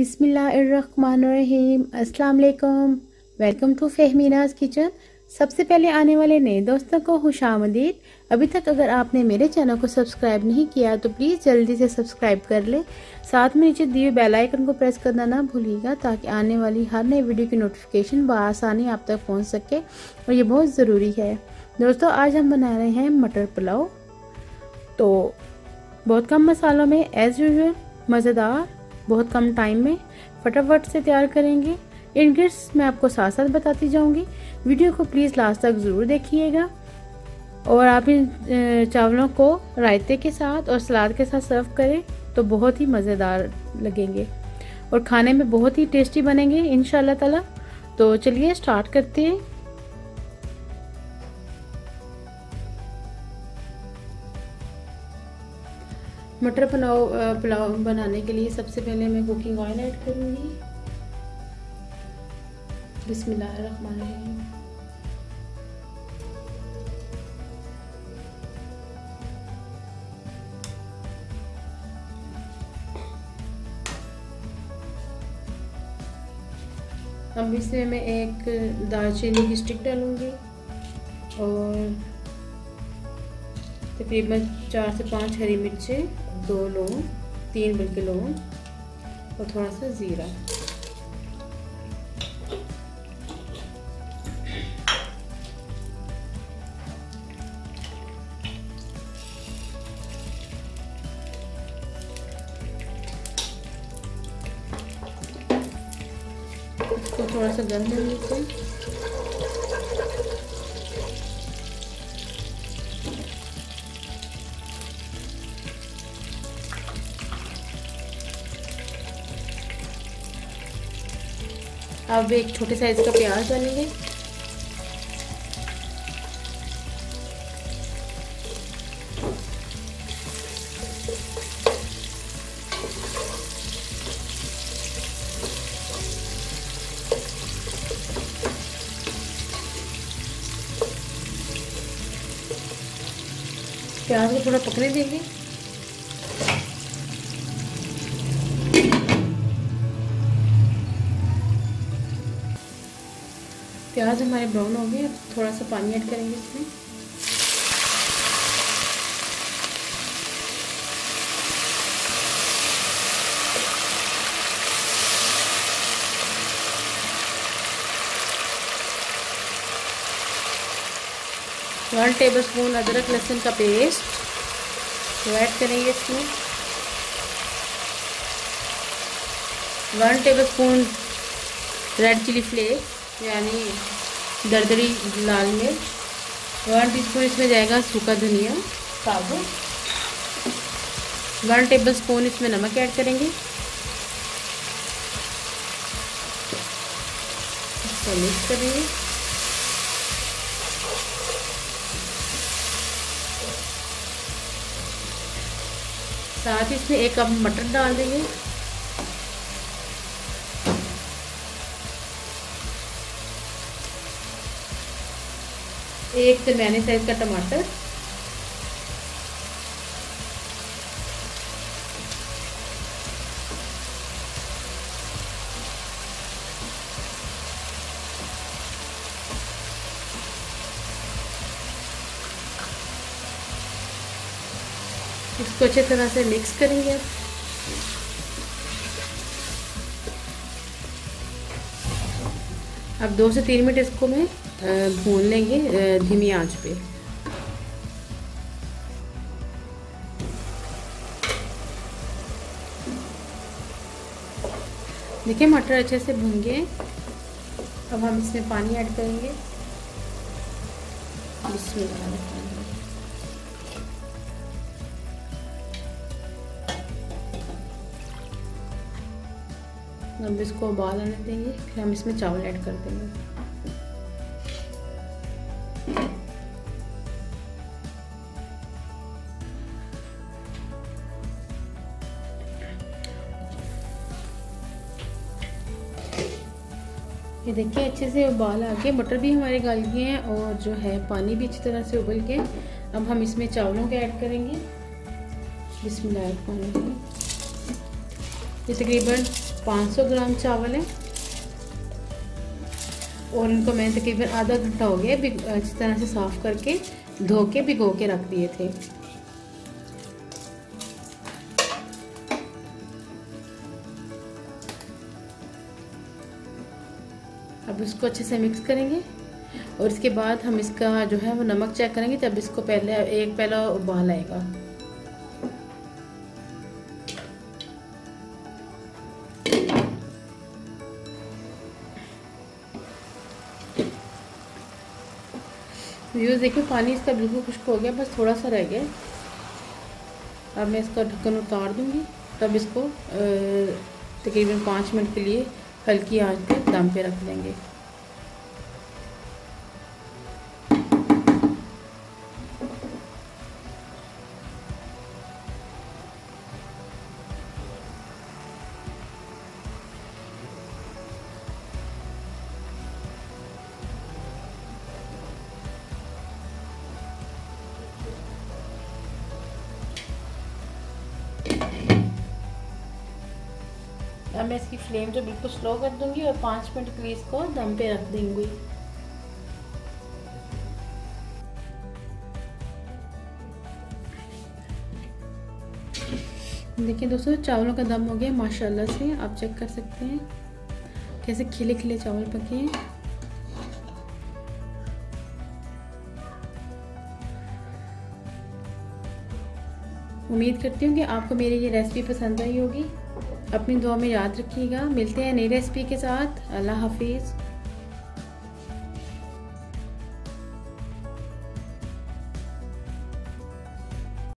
बिसमीम अस्सलाम welcome to Fahminaz kitchen सबसे पहले आने वाले नए दोस्तों को खुश अभी तक अगर आपने मेरे चैनल को सब्सक्राइब नहीं किया तो प्लीज़ जल्दी से सब्सक्राइब कर ले साथ में नीचे दिए बेल आइकन को प्रेस करना ना भूलिएगा ताकि आने वाली हर नई वीडियो की नोटिफिकेशन बसानी आप तक पहुँच सके और ये बहुत ज़रूरी है दोस्तों आज हम बना रहे हैं मटर पुलाव तो बहुत कम मसालों में एज़ यूजल मज़ेदार बहुत कम टाइम में फटाफट से तैयार करेंगे इनग्रेड्स मैं आपको साथ साथ बताती जाऊंगी वीडियो को प्लीज़ लास्ट तक ज़रूर देखिएगा और आप इन चावलों को रायते के साथ और सलाद के साथ सर्व करें तो बहुत ही मज़ेदार लगेंगे और खाने में बहुत ही टेस्टी बनेंगे इन ताला तो चलिए स्टार्ट करते हैं मटर पुलाव पुलाव बनाने के लिए सबसे पहले मैं कुकिंग ऑयल ऐड करूँगी बिस्मिल्लाहिर्रहमानिर्रहीम अब इसमें मैं एक दालचीनी की स्टिक डालूँगी और तकरीबन चार से पाँच हरी मिर्चें दो लौंग तीन बल्कि लौंग और थोड़ा सा ज़ीरा तो थोड़ा सा गंदा लीजिए अब एक छोटे साइज़ का प्याज डालेंगे प्याज को थोड़ा पकने देंगे प्याज हमारे ब्राउन हो गए अब थोड़ा सा पानी ऐड करेंगे इसमें वन टेबल स्पून अदरक लहसुन का पेस्ट तो ऐड करेंगे इसमें one tablespoon red chilli flakes यानी दरदरी लाल मिर्च वन टीस्पून इसमें जाएगा सूखा धनिया साबुत वन टेबल स्पून इसमें नमक ऐड करेंगे इसको मिक्स करेंगे साथ ही इसमें एक कप मटर डाल देंगे एक दरमियाने तो साइज का टमाटर इसको अच्छे तरह से मिक्स करेंगे अब दो से तीन मिनट इसको मैं भून लेंगे धीमी आंच पे देखिए मटर अच्छे से भून गए अब हम इसमें पानी ऐड करेंगे अब इसको उबाल आने देंगे फिर हम इसमें चावल ऐड कर देंगे ये देखिए अच्छे से उबाल आ गए बटर भी हमारे गाल गए हैं और जो है पानी भी अच्छी तरह से उबल के अब हम इसमें चावलों के ऐड करेंगे बिस्मिल्लाह ये तकरीबन 500 ग्राम चावल है और इनको मैंने तकरीबन आधा घंटा हो गया अच्छी तरह से साफ़ करके धो के भिगो के रख दिए थे अब इसको अच्छे से मिक्स करेंगे और इसके बाद हम इसका जो है वो नमक चेक करेंगे तब इसको पहले एक पहला उबाल आएगा व्यूज़ देखिए पानी इसका बिल्कुल खुश्क हो गया बस थोड़ा सा रह गया अब मैं इसका ढक्कन उतार दूँगी तब इसको तकरीबन पाँच मिनट के लिए हल्की आँच पे दम पे रख देंगे मैं इसकी फ्लेम जो बिल्कुल स्लो कर दूंगी और पाँच मिनट के लिए इसको दम पे रख दूंगी देखिए दोस्तों चावलों का दम हो गया माशाल्लाह से आप चेक कर सकते हैं कैसे खिले खिले चावल पके हैं उम्मीद करती हूँ कि आपको मेरी ये रेसिपी पसंद आई होगी अपनी दुआ में याद रखिएगा मिलते हैं नई रेसिपी के साथ अल्लाह हाफिज़